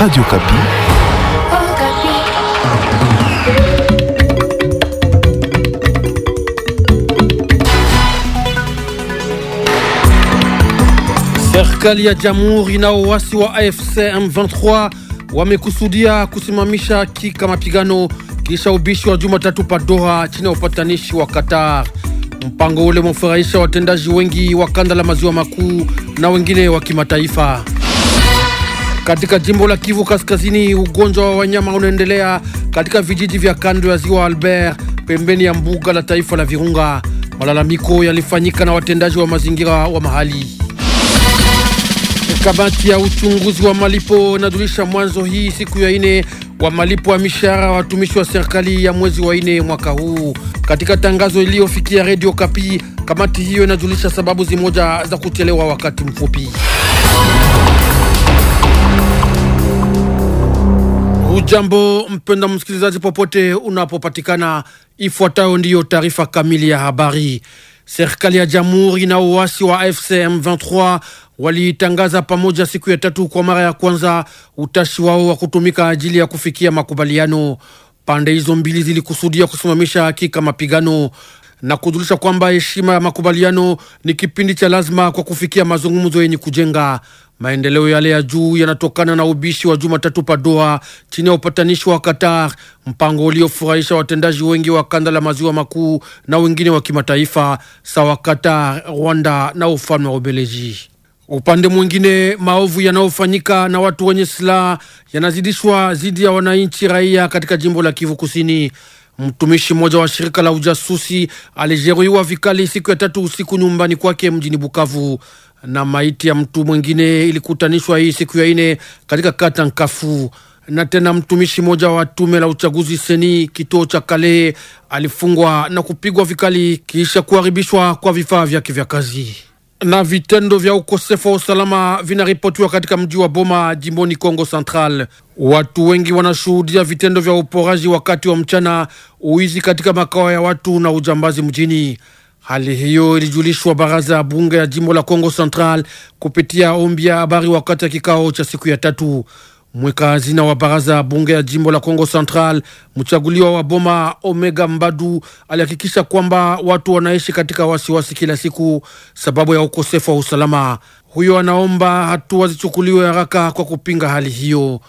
Radio Kapi. Serikali ya Jamhuri na waasi wa AFC M23 wamekusudia kusimamisha kika mapigano kisha ubishi wa Jumatatu pa Doha chini ya upatanishi wa Qatar. Mpango ule mfurahisha watendaji wengi wa kanda la maziwa makuu na wengine wa kimataifa. Katika jimbo la Kivu Kaskazini, ugonjwa wa wanyama unaendelea katika vijiji vya kando ya ziwa Albert, pembeni ya mbuga la taifa la Virunga. Malalamiko yalifanyika na watendaji wa mazingira wa mahali. Kamati ya uchunguzi wa malipo inajulisha mwanzo hii siku ya ine wa malipo ya mishahara watumishi wa serikali ya mwezi wa ine mwaka huu. Katika tangazo iliyofikia Radio Kapi, kamati hiyo inajulisha sababu zimoja za kuchelewa wakati mfupi. Ujambo mpenda msikilizaji, popote unapopatikana, ifuatayo ndiyo taarifa kamili ya habari. Serikali ya jamhuri na uasi wa AFC M23 waliitangaza pamoja siku ya tatu kwa mara ya kwanza utashi wao wa kutumika ajili ya kufikia makubaliano. Pande hizo mbili zilikusudia kusimamisha hakika mapigano na kujulisha kwamba heshima ya makubaliano ni kipindi cha lazima kwa kufikia mazungumzo yenye kujenga. Maendeleo yale ya juu yanatokana na ubishi wa Jumatatu Padoa chini ya upatanishi wa Qatar, mpango uliofurahisha watendaji wengi wa kanda la maziwa makuu na wengine wa kimataifa sawa Qatar, Rwanda na ufalme wa Ubeleji. Upande mwingine, maovu yanayofanyika na watu wenye silaha yanazidishwa dhidi ya wananchi raia katika jimbo la Kivu Kusini. Mtumishi mmoja wa shirika la ujasusi alijeruhiwa vikali siku ya tatu usiku nyumbani kwake mjini Bukavu na maiti ya mtu mwingine ilikutanishwa hii siku ya ine katika kata Nkafu. Na tena mtumishi mmoja wa tume la uchaguzi seni kituo cha Kale alifungwa na kupigwa vikali kisha kuharibishwa kwa vifaa vyake vya kazi. Na vitendo vya ukosefu wa usalama vinaripotiwa katika mji wa Boma jimboni Kongo Central. Watu wengi wanashuhudia vitendo vya uporaji wakati wa mchana, uizi katika makao ya watu na ujambazi mjini. Hali hiyo ilijulishwa baraza ya bunge ya jimbo la Kongo Central kupitia ombi ya habari wakati ya kikao cha siku ya tatu. Mweka hazina wa baraza ya bunge ya jimbo la Kongo Central, mchaguliwa wa Boma Omega Mbadu, alihakikisha kwamba watu wanaishi katika wasiwasi wasi kila siku sababu ya ukosefu wa usalama. Huyo anaomba hatua zichukuliwe haraka kwa kupinga hali hiyo.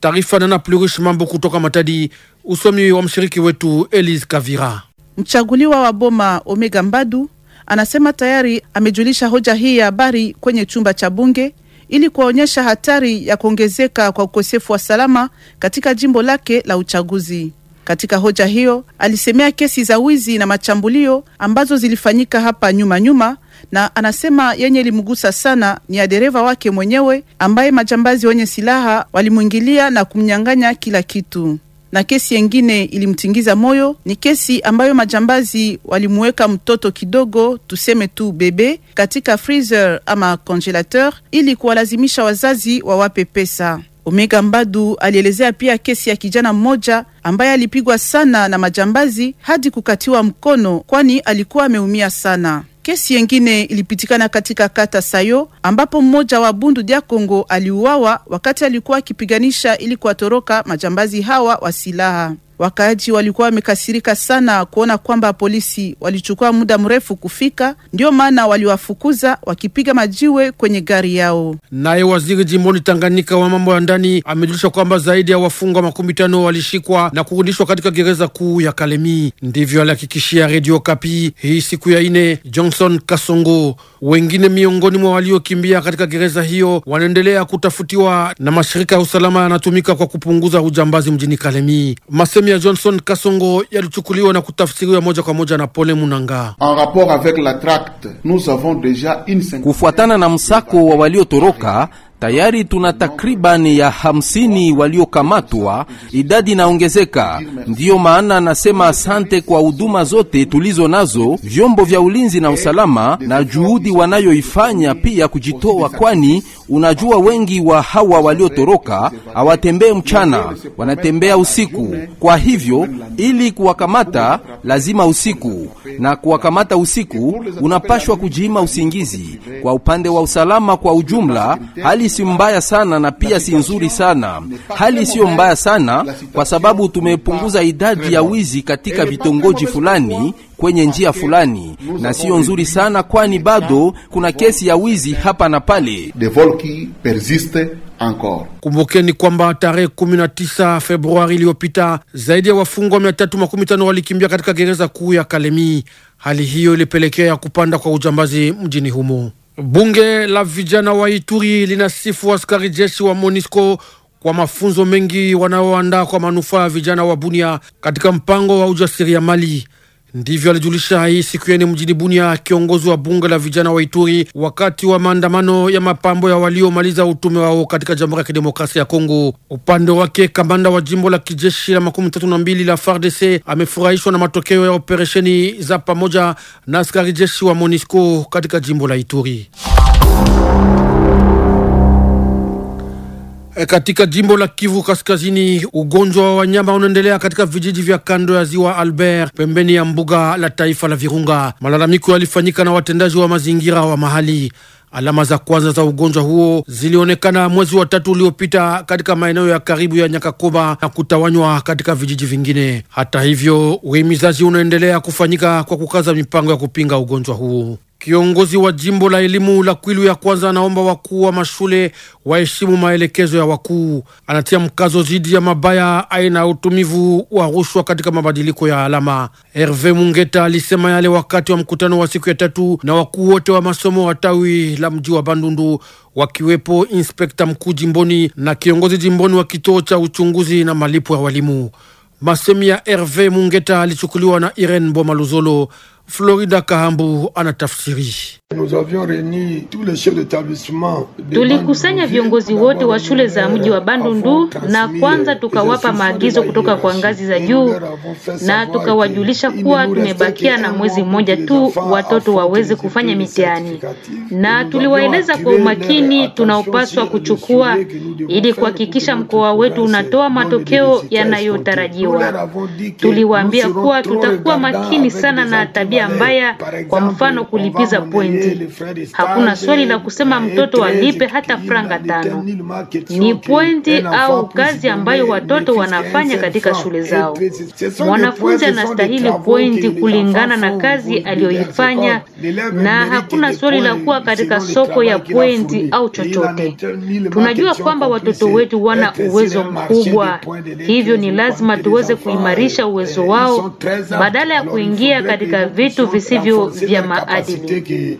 Taarifa Nana Plurish Mambo kutoka Matadi, usomi wa mshiriki wetu Elise Kavira. Mchaguliwa wa Boma Omega Mbadu anasema tayari amejulisha hoja hii ya habari kwenye chumba cha bunge ili kuwaonyesha hatari ya kuongezeka kwa ukosefu wa salama katika jimbo lake la uchaguzi. Katika hoja hiyo alisemea kesi za wizi na machambulio ambazo zilifanyika hapa nyuma nyuma, na anasema yenye ilimgusa sana ni ya dereva wake mwenyewe ambaye majambazi wenye silaha walimwingilia na kumnyang'anya kila kitu na kesi yengine ilimtingiza moyo ni kesi ambayo majambazi walimuweka mtoto kidogo, tuseme tu bebe, katika freezer ama congelateur ili kuwalazimisha wazazi wawape pesa. Omega Mbadu alielezea pia kesi ya kijana mmoja ambaye alipigwa sana na majambazi hadi kukatiwa mkono, kwani alikuwa ameumia sana. Kesi yengine ilipitikana katika kata Sayo ambapo mmoja wa Bundu dia Kongo aliuawa wakati alikuwa akipiganisha ili kuwatoroka majambazi hawa wa silaha. Wakaaji walikuwa wamekasirika sana kuona kwamba polisi walichukua muda mrefu kufika, ndiyo maana waliwafukuza wakipiga majiwe kwenye gari yao. Naye waziri jimboni Tanganyika wa mambo ya ndani amejulisha kwamba zaidi ya wafungwa makumi tano walishikwa na kurudishwa katika gereza kuu ya Kalemi. Ndivyo alihakikishia Redio Kapi hii siku ya ine Johnson Kasongo. Wengine miongoni mwa waliokimbia katika gereza hiyo wanaendelea kutafutiwa na mashirika ya usalama yanatumika kwa kupunguza ujambazi mjini Kalemi Masemi ya Johnson Kasongo yalichukuliwa na kutafsiriwa moja kwa moja na Pole Munanga. Kufuatana na msako wa waliotoroka Tayari tuna takribani ya hamsini waliokamatwa, idadi inaongezeka. Ndiyo maana nasema asante kwa huduma zote tulizo nazo vyombo vya ulinzi na usalama na juhudi wanayoifanya pia kujitoa, kwani unajua wengi wa hawa waliotoroka hawatembee mchana, wanatembea usiku. Kwa hivyo ili kuwakamata lazima usiku, na kuwakamata usiku unapashwa kujiima usingizi. Kwa upande wa usalama kwa ujumla hali hali si mbaya sana na pia si nzuri sana. Hali siyo mbaya sana kwa sababu tumepunguza idadi ya wizi katika vitongoji fulani kwenye njia fulani, na siyo nzuri sana, kwani bado kuna kesi ya wizi hapa na pale. Kumbukeni kwamba tarehe 19 Februari iliyopita zaidi ya wafungwa 315 walikimbia katika gereza kuu ya Kalemi. Hali hiyo ilipelekea kupanda kwa ujambazi mjini humo. Bunge la vijana wa Ituri linasifu askari jeshi wa MONUSCO kwa mafunzo mengi wanaoandaa kwa manufaa ya vijana wa Bunia katika mpango wa ujasiriamali. Ndivyo alijulisha hii siku yene mjini Bunia kiongozi wa bunge la vijana wa Ituri wakati wa maandamano ya mapambo ya waliomaliza utume wao katika Jamhuri ya Kidemokrasia ya Kongo. Upande wake, kamanda wa jimbo la kijeshi la makumi tatu na mbili la FARDC amefurahishwa na matokeo ya operesheni za pamoja na askari jeshi wa MONUSCO katika jimbo la Ituri. E, katika jimbo la Kivu Kaskazini, ugonjwa wa wanyama unaendelea katika vijiji vya kando ya ziwa Albert pembeni ya mbuga la taifa la Virunga. Malalamiko yalifanyika na watendaji wa mazingira wa mahali. Alama za kwanza za ugonjwa huo zilionekana mwezi wa tatu uliopita katika maeneo ya karibu ya Nyakakoba na kutawanywa katika vijiji vingine. Hata hivyo, uhimizaji unaendelea kufanyika kwa kukaza mipango ya kupinga ugonjwa huo. Kiongozi wa jimbo la elimu la Kwilu ya kwanza anaomba wakuu wa mashule waheshimu maelekezo ya wakuu. Anatia mkazo dhidi ya mabaya aina ya utumivu wa rushwa katika mabadiliko ya alama. Herve Mungeta alisema yale wakati wa mkutano wa siku ya tatu na wakuu wote wa masomo wa tawi la mji wa Bandundu, wakiwepo inspekta mkuu jimboni na kiongozi jimboni wa kituo cha uchunguzi na malipo ya walimu. Masemi ya Herve Mungeta alichukuliwa na Irene Bomaluzolo. Florida Kahambu anatafsiri. Tulikusanya viongozi wote wa shule za mji wa Bandundu na kwanza tukawapa maagizo kutoka kwa ngazi za juu, na tukawajulisha kuwa tumebakia na mwezi mmoja tu watoto waweze kufanya mitihani, na tuliwaeleza kwa umakini tunaopaswa kuchukua ili kuhakikisha mkoa wetu unatoa matokeo yanayotarajiwa. Tuliwaambia kuwa tutakuwa makini sana na tabia tabia mbaya, kwa mfano kulipiza pointi. Hakuna swali la kusema mtoto alipe hata franga tano. Ni pointi au kazi ambayo watoto wanafanya katika shule zao. Mwanafunzi anastahili pointi kulingana na kazi aliyoifanya, na hakuna swali la kuwa katika soko ya pointi au chochote. Tunajua kwamba watoto wetu wana uwezo mkubwa, hivyo ni lazima tuweze kuimarisha uwezo eh, wao badala ya kuingia katika vita vitu visivyo vya maadili.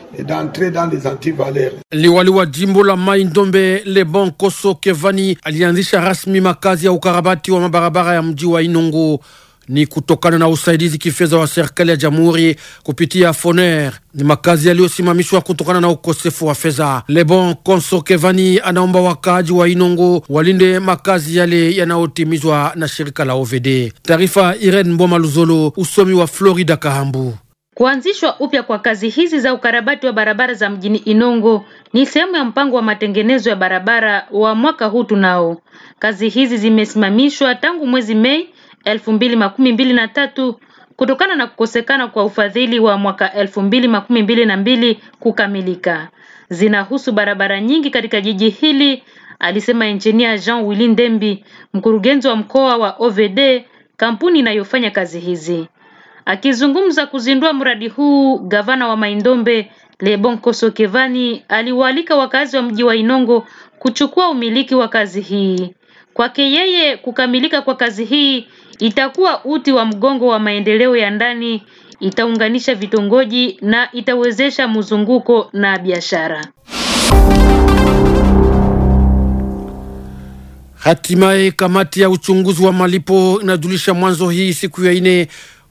Liwali wa jimbo la Mai Ndombe Lebon Koso Kevani alianzisha rasmi makazi ya ukarabati wa mabarabara ya mji wa Inongo ni kutokana na usaidizi kifedha wa serikali ya jamhuri kupitia Foner. Ni makazi yaliyosimamishwa kutokana na ukosefu wa fedha. Lebon Konso Kevani anaomba wakaaji wa Inongo walinde makazi yale yanayotimizwa na shirika la OVD. Taarifa Irene Mboma Luzolo, usomi wa Florida Kahambu. Kuanzishwa upya kwa kazi hizi za ukarabati wa barabara za mjini Inongo ni sehemu ya mpango wa matengenezo ya barabara wa mwaka huu tunao. Kazi hizi zimesimamishwa tangu mwezi Mei 2023 kutokana na kukosekana kwa ufadhili wa mwaka 2022 na mbili kukamilika. Zinahusu barabara nyingi katika jiji hili, alisema Engineer Jean Willy Ndembi, mkurugenzi wa mkoa wa OVD, kampuni inayofanya kazi hizi. Akizungumza kuzindua mradi huu, gavana wa Maindombe lebon kosokevani aliwaalika wakazi wa mji wa Inongo kuchukua umiliki wa kazi hii. Kwake yeye, kukamilika kwa kazi hii itakuwa uti wa mgongo wa maendeleo ya ndani, itaunganisha vitongoji na itawezesha mzunguko na biashara. Hatimaye kamati ya uchunguzi wa malipo inajulisha mwanzo hii siku ya ine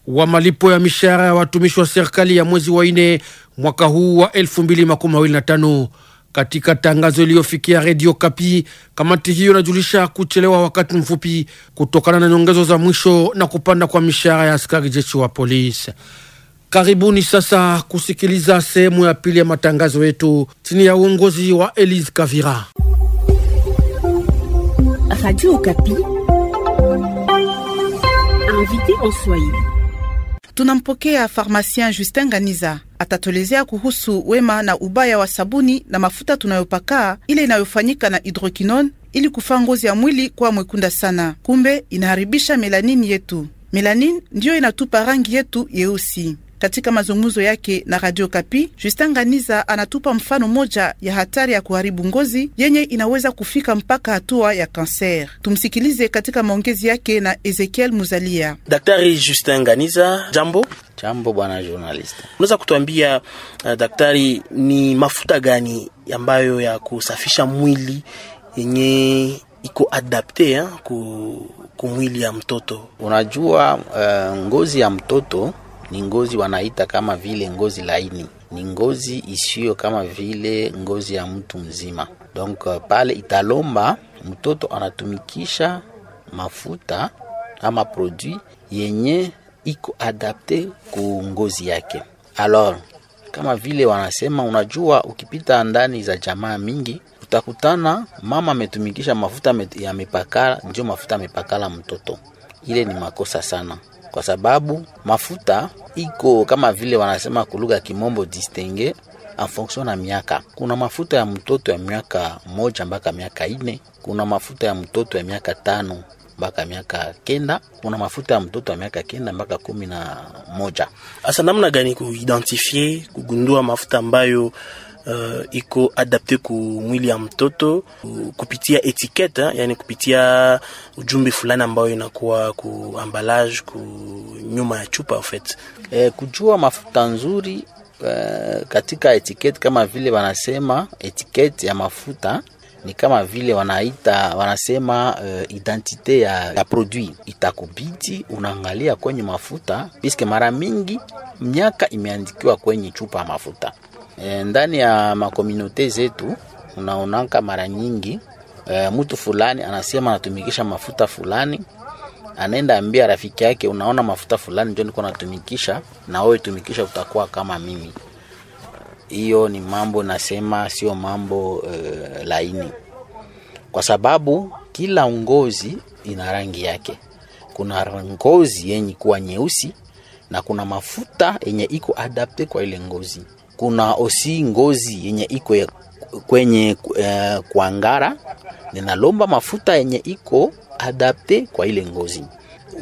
wa malipo ya mishahara ya watumishi wa serikali ya mwezi wa nne mwaka huu wa 2025. Katika tangazo iliyofikia redio Kapi, kamati hiyo inajulisha kuchelewa wakati mfupi kutokana na nyongezo za mwisho na kupanda kwa mishahara ya askari jeshi wa polisi. Karibuni sasa kusikiliza sehemu ya pili ya matangazo yetu chini ya uongozi wa Elise Kavira. Radio Kapi invité en Swahili. Tunampokea farmasien Justin Ganiza atatuelezea kuhusu wema na ubaya wa sabuni na mafuta tunayopakaa ile inayofanyika na hidrokinon ili kufaa ngozi ya mwili kuwa mwekunda sana, kumbe inaharibisha melanini yetu. Melanin ndiyo inatupa rangi yetu yeusi. Katika mazungumzo yake na Radio Kapi, Justin ganiza anatupa mfano moja ya hatari ya kuharibu ngozi yenye inaweza kufika mpaka hatua ya kanser. Tumsikilize katika maongezi yake na Ezekiel Muzalia. Daktari Justin ganiza jambo. Jambo bwana journalist, unaweza kutuambia uh, daktari, ni mafuta gani ambayo ya kusafisha mwili yenye iko adapte ya, eh, ku, kumwili ya mtoto? Unajua uh, ngozi ya mtoto ni ngozi wanaita kama vile ngozi laini, ni ngozi isiyo kama vile ngozi ya mtu mzima. Donc euh, pale italomba mtoto anatumikisha mafuta ama produit yenye iko adapte ku ngozi yake. Alors kama vile wanasema, unajua, ukipita ndani za jamaa mingi utakutana mama ametumikisha mafuta ya mipakala, ndio mafuta amepakala mtoto. Ile ni makosa sana kwa sababu mafuta iko kama vile wanasema kulugha kimombo distingue en fonction na miaka. Kuna mafuta ya mtoto ya miaka moja mpaka miaka ine, kuna mafuta ya mtoto ya miaka tano mpaka miaka kenda, kuna mafuta ya mtoto ya miaka kenda mpaka kumi na moja. Asa namna gani kuidentifie kugundua mafuta ambayo uh, iko adapte ku mwili ya mtoto kupitia etikete, yani kupitia ujumbe fulani ambayo inakuwa ku ambalage ku nyuma ya chupa fait. Eh, kujua mafuta nzuri uh, katika etikete kama vile wanasema etikete ya mafuta ni kama vile wanaita wanasema uh, eh, identite ya, ya produit. Itakubidi unaangalia kwenye mafuta, piske mara mingi miaka imeandikiwa kwenye chupa ya mafuta. E, ndani ya makomunote zetu unaonaka mara nyingi e, mtu fulani anasema anatumikisha mafuta fulani, anaenda ambia rafiki yake, unaona mafuta fulani ndio niko natumikisha, na wewe tumikisha, utakuwa kama mimi. Hiyo ni mambo nasema sio mambo e, laini, kwa sababu kila ngozi ina rangi yake. Kuna ngozi yenye kuwa nyeusi na kuna mafuta yenye iko adapte kwa ile ngozi kuna osi ngozi yenye iko kwenye uh, eh, kwa ninalomba mafuta yenye iko adapte kwa ile ngozi.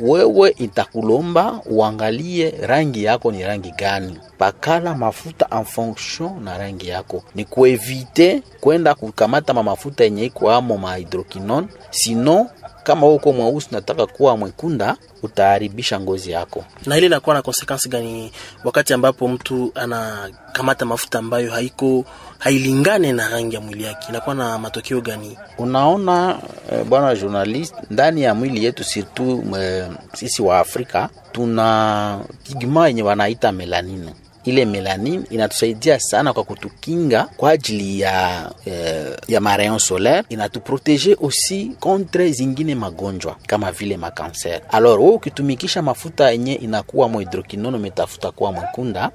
Wewe itakulomba uangalie rangi yako ni rangi gani, pakala mafuta en fonction na rangi yako. Ni kuevite kwenda kukamata mafuta yenye iko amo ma hydroquinone, sino kama uko mweusi nataka kuwa mwekunda, utaharibisha ngozi yako. Na ile inakuwa na konsekansi gani? Wakati ambapo mtu anakamata mafuta ambayo haiko hailingane na rangi ya mwili yake, inakuwa na matokeo gani? Unaona eh, bwana journalist, ndani ya mwili yetu surtout eh, sisi wa Afrika tuna pigma yenye wanaita melanini ile melanin inatusaidia sana kwa kutukinga kwa ajili ya, eh, ya marayon solaire, inatuproteje aussi contre zingine magonjwa kama vile makanser. Alors wewe ukitumikisha mafuta yenye inakuwa hidrokinono metafuta kuwa mwekunda,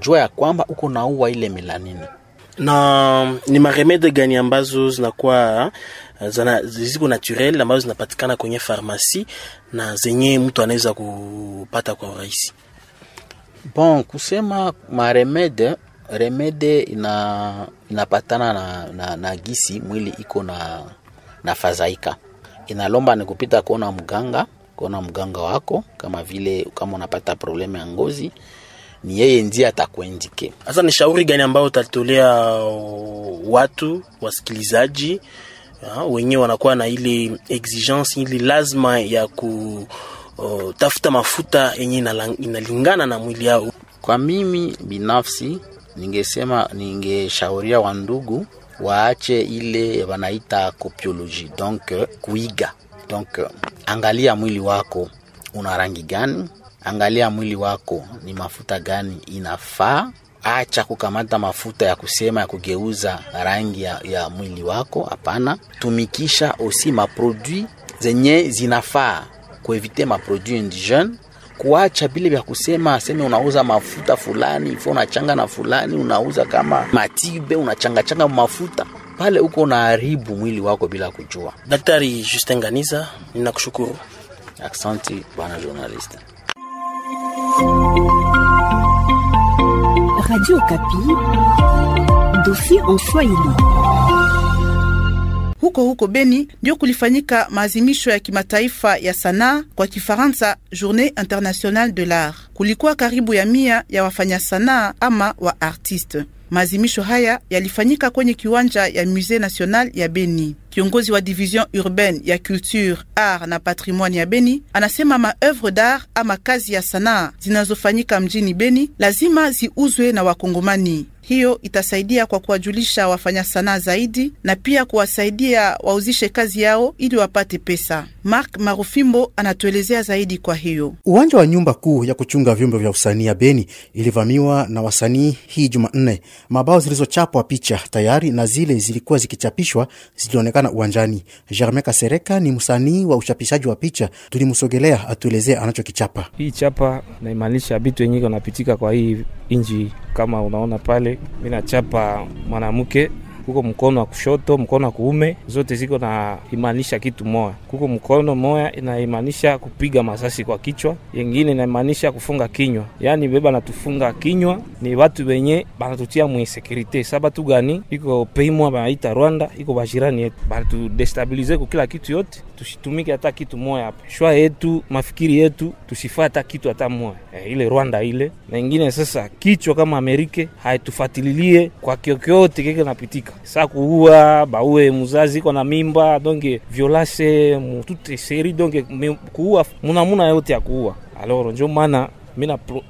jua ya kwamba uko naua ile melanini na ni maremede gani ambazo zinakuwa ziko naturel ambazo zinapatikana kwenye farmasi na zenye mtu anaweza kupata kwa urahisi? Bon, kusema maremede remede ina inapatana na, na, na gisi mwili iko na, na fadhaika inalomba ni kupita kuona mganga, kuona mganga wako, kama vile kama unapata problemu ya ngozi ni yeye ndiye atakuendike. Sasa ni shauri gani ambayo utatolea watu wasikilizaji ah, wenyewe wanakuwa na ile exigence, ile lazima ya ku Oh, tafuta mafuta yenye inalingana na mwili yao. Kwa mimi binafsi, ningesema ningeshauria wandugu waache ile wanaita kopioloji, donc kuiga. Donc angalia mwili wako una rangi gani, angalia mwili wako ni mafuta gani inafaa Acha kukamata mafuta ya kusema ya kugeuza rangi ya, ya mwili wako. Hapana, tumikisha osi maprodui zenye zinafaa kuevite maproduit indigene kuacha vile vya kusema aseme unauza mafuta fulani ifo unachanga na fulani unauza kama matibe unachangachanga mafuta pale uko unaharibu mwili wako bila kujua. Daktari Justin Ganiza, ninakushukuru. Asante bwana journaliste. Radio Kapi, dossier en Swahili. Huko huko Beni ndio kulifanyika maazimisho ya kimataifa ya sanaa kwa Kifaransa, Journée Internationale de l'Art. Kulikuwa karibu ya mia ya wafanya sanaa ama wa artiste. Maazimisho haya yalifanyika kwenye kiwanja ya Musée National ya Beni. Kiongozi wa division urbaine ya culture, art na patrimoine ya Beni anasema maoeuvre d'art ama kazi ya sanaa zinazofanyika mjini Beni lazima ziuzwe na Wakongomani. Hiyo itasaidia kwa kuwajulisha wafanya sanaa zaidi na pia kuwasaidia wauzishe kazi yao ili wapate pesa. Mark Marufimbo anatuelezea zaidi. Kwa hiyo uwanja wa nyumba kuu ya kuchunga vyombo vya usanii ya Beni ilivamiwa na wasanii hii Jumanne. Mabao zilizochapwa picha tayari na zile zilikuwa zikichapishwa zilionekana uwanjani. Germain Kasereka ni msanii wa uchapishaji wa picha, tulimsogelea atuelezee anachokichapa. Hii chapa naimaanisha vitu wenyewe wanapitika kwa hii inji kama unaona pale, mi nachapa mwanamke kuko mkono wa kushoto, mkono wa kuume, zote ziko na imaanisha kitu moya. Kuko mkono moya inaimaanisha kupiga masasi kwa kichwa, yengine inaimaanisha kufunga kinywa. Yani beba natufunga kinywa ni watu wenye banatutia muinsekurite. Saba tu gani iko peimwa banaita Rwanda, iko bajirani yetu, banatudestabilize ku kila kitu yote, tusitumike hata kitu moya hapa, shwa yetu mafikiri yetu tusifaa hata kitu hata moya e, eh, ile Rwanda ile na ingine. Sasa kichwa kama Amerika haitufatililie kwa kyokyote kike napitika sa kuua baue muzazi iko na mimba donge violase mutute seri donge kuua munamuna yote ya kuua aloro njo maana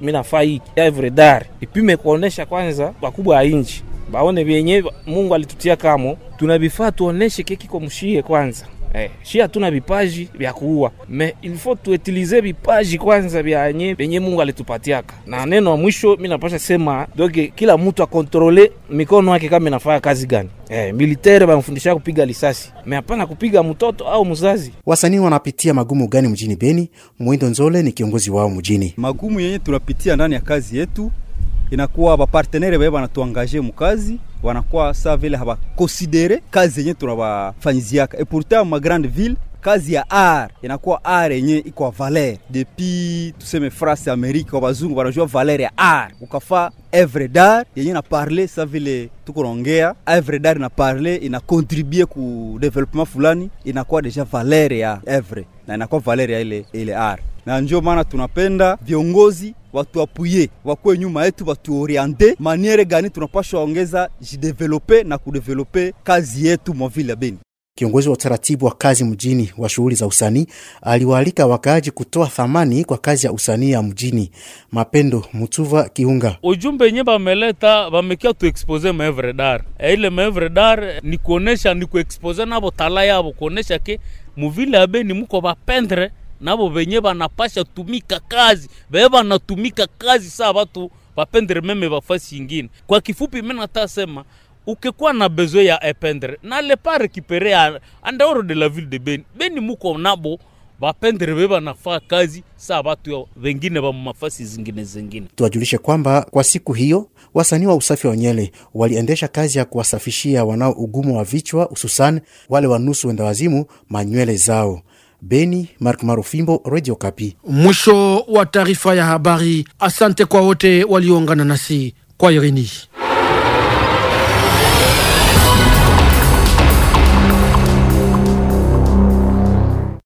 minafai evre dar ipime kuonesha kwanza wakubwa ya inji baone vyenye Mungu alitutia kamo tunavifaa tuoneshe keki kwa mshie kwanza Eh, shi hatuna vipaji vya kuua me ilifo tuetilize vipaji kwanza vyanye venye Mungu alitupatiaka. Na neno wa mwisho mi napasha sema doke kila mtu akontrole mikono yake kama inafanya kazi gani. Eh, militeri bamfundisha kupiga lisasi me hapana kupiga mtoto au mzazi. Wasanii wanapitia magumu gani mjini Beni? Mwindo Nzole ni kiongozi wao mjini. Magumu yenye tunapitia ndani ya kazi yetu inakuwa bapartenere baye banatuangaje mukazi wanakuwa sa vile habakonsidere kazi yenye tunabafanyiziaka e pourtant ma grande ville kazi ya ar inakuwa ar yenye iko valer depuis tuseme France Amerika, wabazungu wanajua valer ya ar, ukafa evre dar yenye na parle sa vile tuko evre dar na parle ina contribuer ku development fulani, inakuwa deja valer ya evre na inakuwa Valeria ile ile R, na ndio maana tunapenda viongozi watuapuye wakuwe nyuma yetu, watuoriente maniere gani tunapashwa ongeza jidevelope na kudevelope kazi yetu mwa vile ya Beni. Kiongozi wa utaratibu wa kazi mjini wa shughuli za usanii aliwaalika wakaaji kutoa thamani kwa kazi ya usanii ya mjini. Mapendo Mutuva Kiunga, ujumbe yenye bameleta bamekia tuexpose expose dar e ile maevre dar ni kuonesha ni kuexpose navo tala yavo kuonesha ke muvile abeni muko bapendre navo venye banapasha tumika kazi beye banatumika kazi saa batu bapendre meme bafasi ingine. Kwa kifupi, mimi natasema ukikuwa na bezo ya ependre le pa rekipere en dehors de la ville de beni beni muko nabo bapendere be banafaa kazi saa batu wengine ba mafasi zingine zingine. Tuwajulishe kwamba kwa siku hiyo wasanii wa usafi wa nyele waliendesha kazi ya kuwasafishia wanao ugumu wa vichwa, hususan wale wanusu wazimu manywele zao. Beni, Mark Marufimbo, Radio Kapi. Mwisho wa taarifa ya habari. Asante kwa wote walioungana nasi kwa Irini.